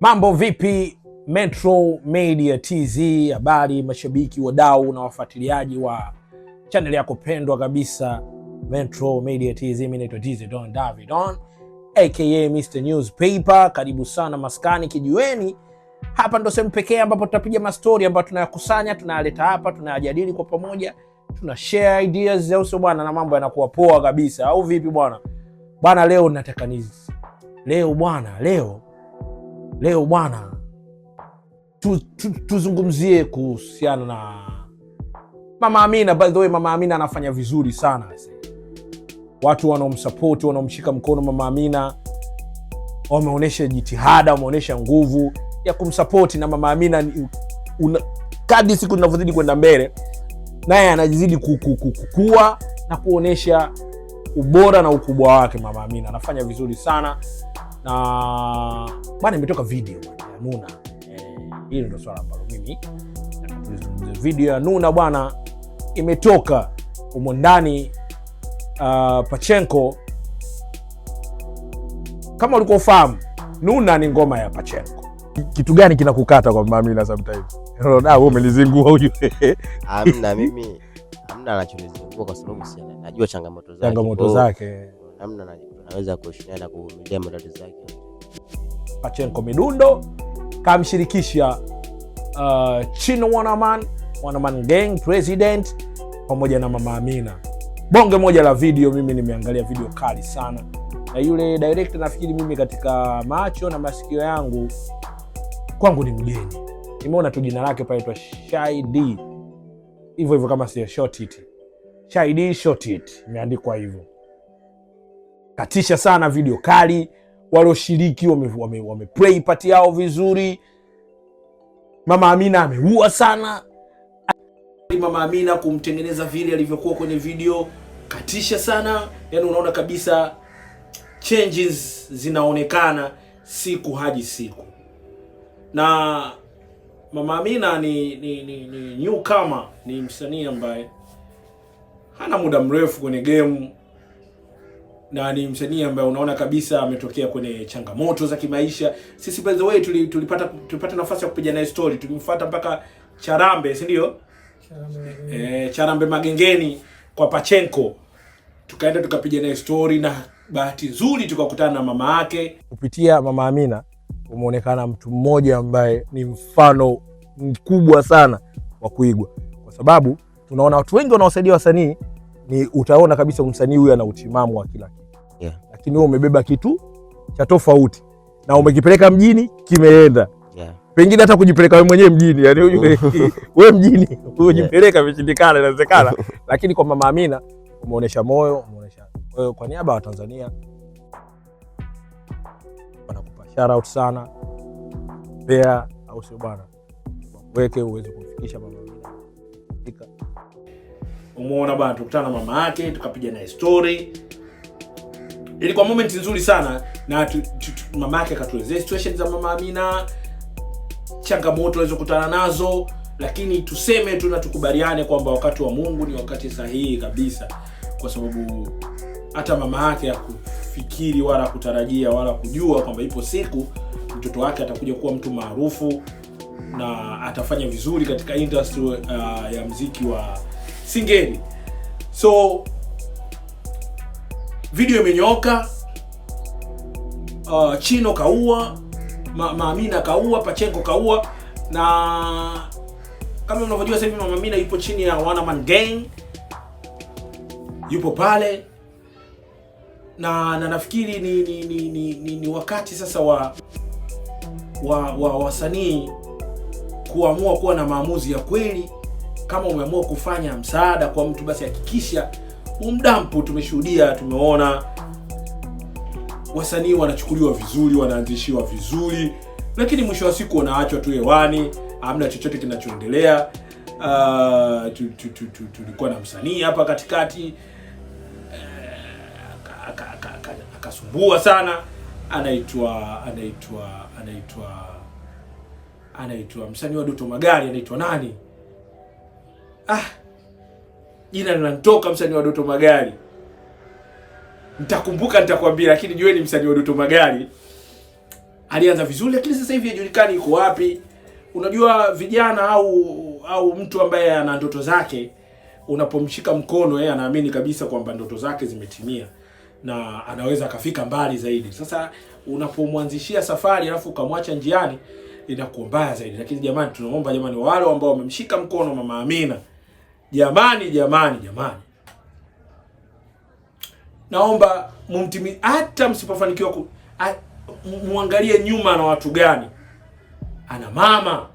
Mambo vipi, Metro Media TZ, habari mashabiki, wadau na wafuatiliaji wa chaneli yako pendwa kabisa Metro Media TZ. Mimi naitwa TZ Don David Don aka Mr Newspaper. Karibu sana maskani kijiweni. Hapa ndo sehemu pekee ambapo tutapiga mastori ambayo tunayakusanya, tunayaleta hapa, tunayajadili kwa pamoja, tuna share ideas za uso bwana, na mambo yanakuwa poa kabisa, au vipi bwana? Bwana leo nataka nizi, leo bwana, leo Leo bwana, tuzungumzie tu, tu kuhusiana na Mama Amina. By the way, Mama Amina anafanya vizuri sana, watu wanaomsapoti wanaomshika mkono Mama Amina wameonyesha jitihada, wameonyesha nguvu ya kumsapoti, na Mama Amina kadi siku zinavyozidi kwenda mbele, naye anazidi kukua na kuonyesha ubora na ukubwa wake. Mama Amina anafanya vizuri sana na bwana, imetoka video ya Nuna. Eh, hili ndio swala ambalo mimi video ya Nuna bwana imetoka umo ndani. Uh, Pachenko kama ulikofahamu, Nuna ni ngoma ya Pachenko. Kitu gani kinakukata kwamba mimi na sometimes umelizingua huyu? Amna mimi amna anachonizingua kwa sababu najua changamoto zake, changamoto zake Amna hamna anaweza kushindana na kuvumilia matatizo yake. Pachenko Midundo kamshirikisha uh, Chino Wanaman, Wanaman Gang President pamoja na Mama Amina. Bonge moja la video, mimi nimeangalia video kali sana na yule director, nafikiri mimi katika macho na masikio yangu kwangu ni mgeni, nimeona tu jina lake pale twa hivyo hivyo, kama si short it, Shaidi short it imeandikwa hivyo katisha sana, video kali, walioshiriki wameplay wame, wame pati yao vizuri. Mama Amina ameua sana. Mama Amina kumtengeneza vile alivyokuwa kwenye video katisha sana, yani unaona kabisa changes zinaonekana siku hadi siku, na Mama Amina ni ni, ni, ni newcomer, ni msanii ambaye hana muda mrefu kwenye game na ni msanii ambaye unaona kabisa ametokea kwenye changamoto za kimaisha. Sisi by the way tuli, tulipata tulipata nafasi ya kupiga naye story, tulimfuata mpaka Charambe, si ndio? Charambe, eh, Charambe Magengeni kwa Pachenko, tukaenda tukapiga naye story na bahati nzuri tukakutana na mama yake. Kupitia mama Amina umeonekana mtu mmoja ambaye ni mfano mkubwa sana wa kuigwa, kwa sababu tunaona watu wengi wanaosaidia wasanii ni utaona kabisa msanii huyu ana utimamu wa kila kitu yeah. Lakini wewe umebeba kitu cha tofauti na umekipeleka mjini kimeenda yeah. Pengine hata kujipeleka wewe mwenyewe mjini yani wewe mjini ujipeleka imeshindikana, inawezekana lakini kwa Mama Amina umeonyesha moyo, umeonyesha kwa, kwa niaba ya Watanzania wanakupa shout out sana Pea, au sio bwana, weke uweze kumfikisha Mama Amina Umeona bwana, tukutana na mama yake tukapiga naye story, ilikuwa yaani moment nzuri sana na tu, tu, tu, mama yake akatuelezea situation za mama Amina, changamoto alizokutana nazo, lakini tuseme tu na tukubaliane kwamba wakati wa Mungu ni wakati sahihi kabisa, kwa sababu hata mama yake hakufikiri wala kutarajia wala kujua kwamba ipo siku mtoto wake atakuja kuwa mtu maarufu na atafanya vizuri katika industry uh, ya mziki wa singeni So video imenyoka Uh, Chino kaua, Ma Maamina kaua, Pachenko kaua na kama unavyojua sasa hivi yupo chini ya One Man Gang, yupo pale na, na nafikiri ni ni, ni, ni, ni ni wakati sasa wa wa, wa wasanii kuamua kuwa na maamuzi ya kweli kama umeamua kufanya msaada kwa mtu, basi hakikisha umdampu. Tumeshuhudia, tumeona wasanii wanachukuliwa vizuri, wanaanzishiwa vizuri, lakini mwisho wa siku wanaachwa tu hewani, hamna chochote kinachoendelea. Uh, tulikuwa na msanii hapa katikati eh, akasumbua sana, anaitwa anaitwa anaitwa anaitwa msanii wa Doto Magari, anaitwa nani? ah, jina linanitoka msanii wa Doto Magari, nitakumbuka nitakwambia, lakini ni msanii wa Doto Magari alianza vizuri, lakini sasa hivi hajulikani yuko wapi. Unajua vijana au au mtu ambaye ana ndoto zake, unapomshika mkono, yeye anaamini kabisa kwamba ndoto zake zimetimia na anaweza akafika mbali zaidi. Sasa unapomwanzishia safari alafu ukamwacha njiani, inakuwa mbaya zaidi. Lakini jamani, tunaomba jamani, wale ambao wamemshika mkono Mama Amina Jamani, jamani, jamani, naomba mumtimi, hata msipofanikiwa ku muangalie nyuma na watu gani. Ana mama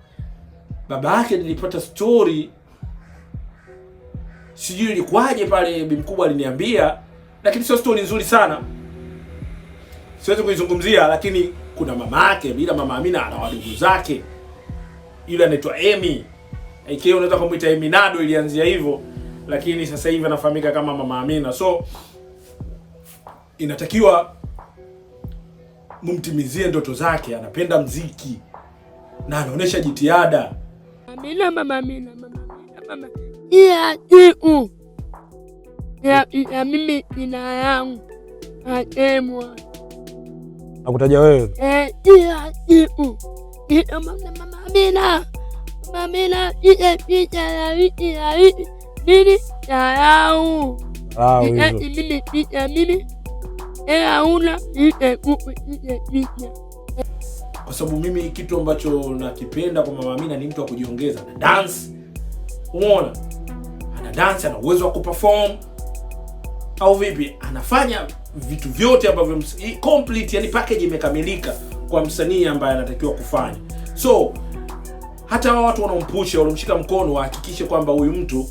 baba yake, nilipata story sijui ilikuwaje pale, bi mkubwa aliniambia, lakini sio story nzuri sana, siwezi kuizungumzia. Lakini kuna mama yake bila mama Amina, ana wadugu zake, yule anaitwa Emi ikiwa unaweza kumuita Eminado, ilianzia hivyo, lakini sasa hivi anafahamika kama Mama Amina. So inatakiwa mumtimizie ndoto zake. Anapenda mziki na anaonyesha jitihada. Amina, Mama Amina, Mama Amina, ya mimi jina yangu atemwa nakutaja wewe eh, Mama Amina Samia piga picha ya wiki ya wiki ya tarau itaki mimi picha mimi ela una ite kuku ite picha kwa sababu mimi kitu ambacho nakipenda kwa Mama Amina ni mtu wa kujiongeza, na dance, umeona, ana dance, ana uwezo wa kuperform au vipi, anafanya vitu vyote ambavyo complete, yani package imekamilika kwa msanii ambaye anatakiwa kufanya so hata hao watu wanaompusha wanamshika mkono wahakikishe kwamba huyu mtu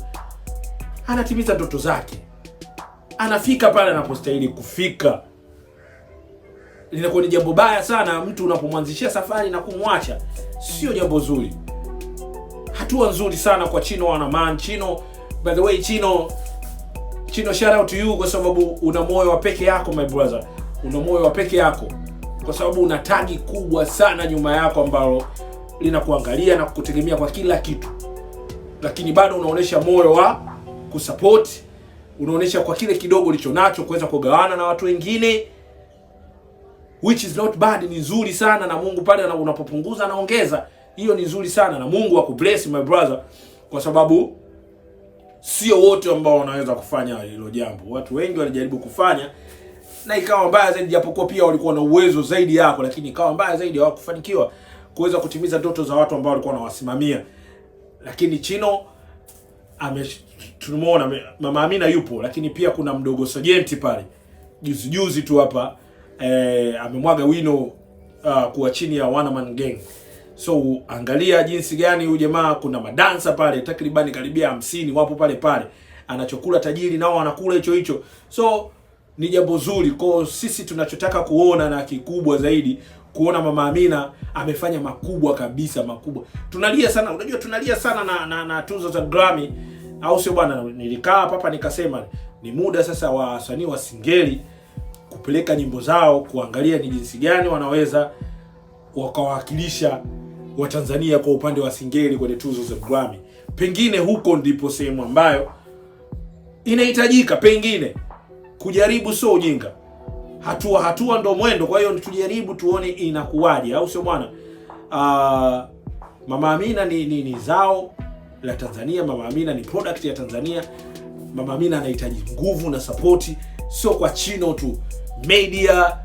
anatimiza ndoto zake, anafika pale anapostahili kufika. Linakuwa ni jambo baya sana mtu unapomwanzishia safari na kumwacha, sio jambo zuri, hatua nzuri sana kwa Chino Wanaman. Chino, by the way, Chino Chino, shout out to you kwa sababu una moyo wa peke yako my brother, una moyo wa peke yako kwa sababu una tagi kubwa sana nyuma yako ambalo linakuangalia na kukutegemea kwa kila kitu, lakini bado unaonesha moyo wa kusupport, unaonesha kwa kile kidogo ulicho nacho kuweza kugawana na watu wengine, which is not bad, ni nzuri sana. Na Mungu pale unapopunguza anaongeza, hiyo ni nzuri sana, na Mungu akubless my brother, kwa sababu sio wote ambao wanaweza kufanya hilo jambo. Watu wengi walijaribu kufanya na ikawa mbaya zaidi, japokuwa pia walikuwa na uwezo zaidi yako, lakini ikawa mbaya zaidi, hawakufanikiwa kuweza kutimiza ndoto za watu ambao walikuwa wanawasimamia. Lakini Chino ame tunamuona Mama Amina yupo, lakini pia kuna mdogo Sajenti pale juzi juzi tu hapa e, amemwaga wino uh, kuwa chini ya One Man Gang. So angalia jinsi gani huyu jamaa, kuna madansa pale takribani karibia hamsini wapo pale pale, anachokula tajiri nao anakula hicho hicho, so ni jambo zuri kwao. Sisi tunachotaka kuona na kikubwa zaidi kuona Mama Amina amefanya makubwa kabisa, makubwa. Tunalia sana, unajua tunalia sana na, na, na tuzo za Grammy, au sio bwana? Nilikaa hapa nikasema ni muda sasa wa wasanii wa Singeli kupeleka nyimbo zao, kuangalia ni jinsi gani wanaweza wakawakilisha Watanzania kwa upande wa Singeli kwenye tuzo za Grammy. Pengine huko ndipo sehemu ambayo inahitajika pengine kujaribu, sio ujinga hatua hatua ndo mwendo. Kwa hiyo tujaribu tuone inakuwaje, au sio bwana? Uh, Mama Amina ni, ni, ni zao la Tanzania. Mama Amina ni product ya Tanzania. Mama Amina anahitaji nguvu na sapoti, sio kwa chino tu media,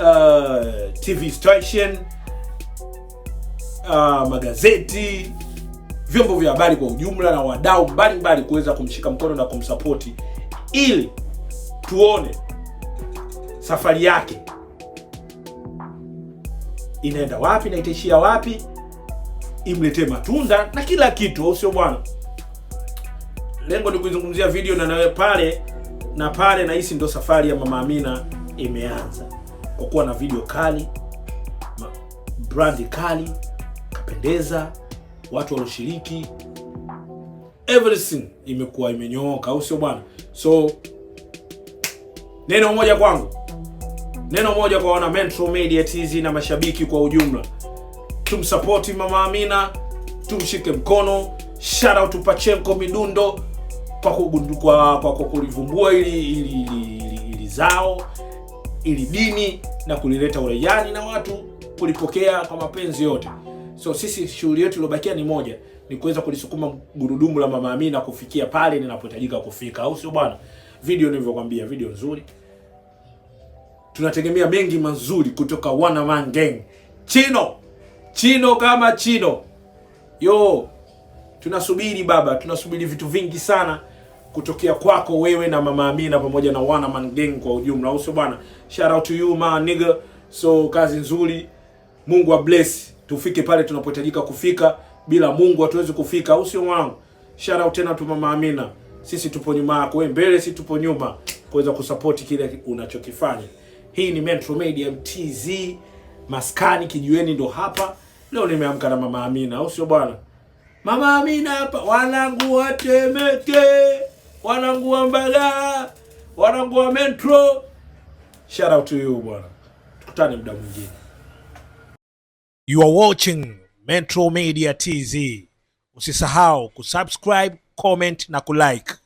uh, ah, TV station, uh, magazeti, vyombo vya habari kwa ujumla na wadau mbalimbali kuweza kumshika mkono na kumsapoti ili tuone safari yake inaenda wapi na itaishia wapi, imletee matunda na kila kitu, au sio bwana? Lengo ni kuizungumzia video na nawe pale na pale, na hisi ndo safari ya Mama Amina imeanza kwa kuwa na video kali, brandi kali, kapendeza, watu walioshiriki, everything imekuwa imenyooka, au sio bwana? So neno moja kwangu Neno moja kwa wana Metro Media TZ na mashabiki kwa ujumla, tumsapoti mama Amina, tumshike mkono. Shout out to Pachenko Midundo kwa kugundua, kwa kulivumbua ili, ili, ili, ili, ili zao ili dini na kulileta urejani na watu kulipokea kwa mapenzi yote. So sisi shughuli yetu iliyobakia ni moja, ni kuweza kulisukuma gurudumu la mama Amina kufikia pale ninapohitajika kufika, au sio bwana? Video nilivyokuambia, video nzuri tunategemea mengi mazuri kutoka wana man gang. Chino Chino kama Chino yo, tunasubiri baba, tunasubiri vitu vingi sana kutokea kwako wewe na mama Amina pamoja na wana man gang kwa ujumla, au bwana? Shout out to you ma nigga, so kazi nzuri. Mungu wa bless, tufike pale tunapohitajika kufika. Bila Mungu hatuwezi kufika, au sio mwanangu? Shout out tena tu mama Amina, sisi tupo nyuma yako, wewe mbele, sisi tupo nyuma kuweza kusapoti kile unachokifanya. Hii ni Metro Media MTZ, maskani kijiweni ndo hapa. Leo nimeamka na mama Amina, au sio bwana? Mama Amina hapa, wanangu wa Temeke, wanangu wa Mbagala, wanangu wa Metro. Shout out to you bwana, tukutane muda mwingine. You are watching Metro Media TZ. Usisahau kusubscribe, comment na kulike.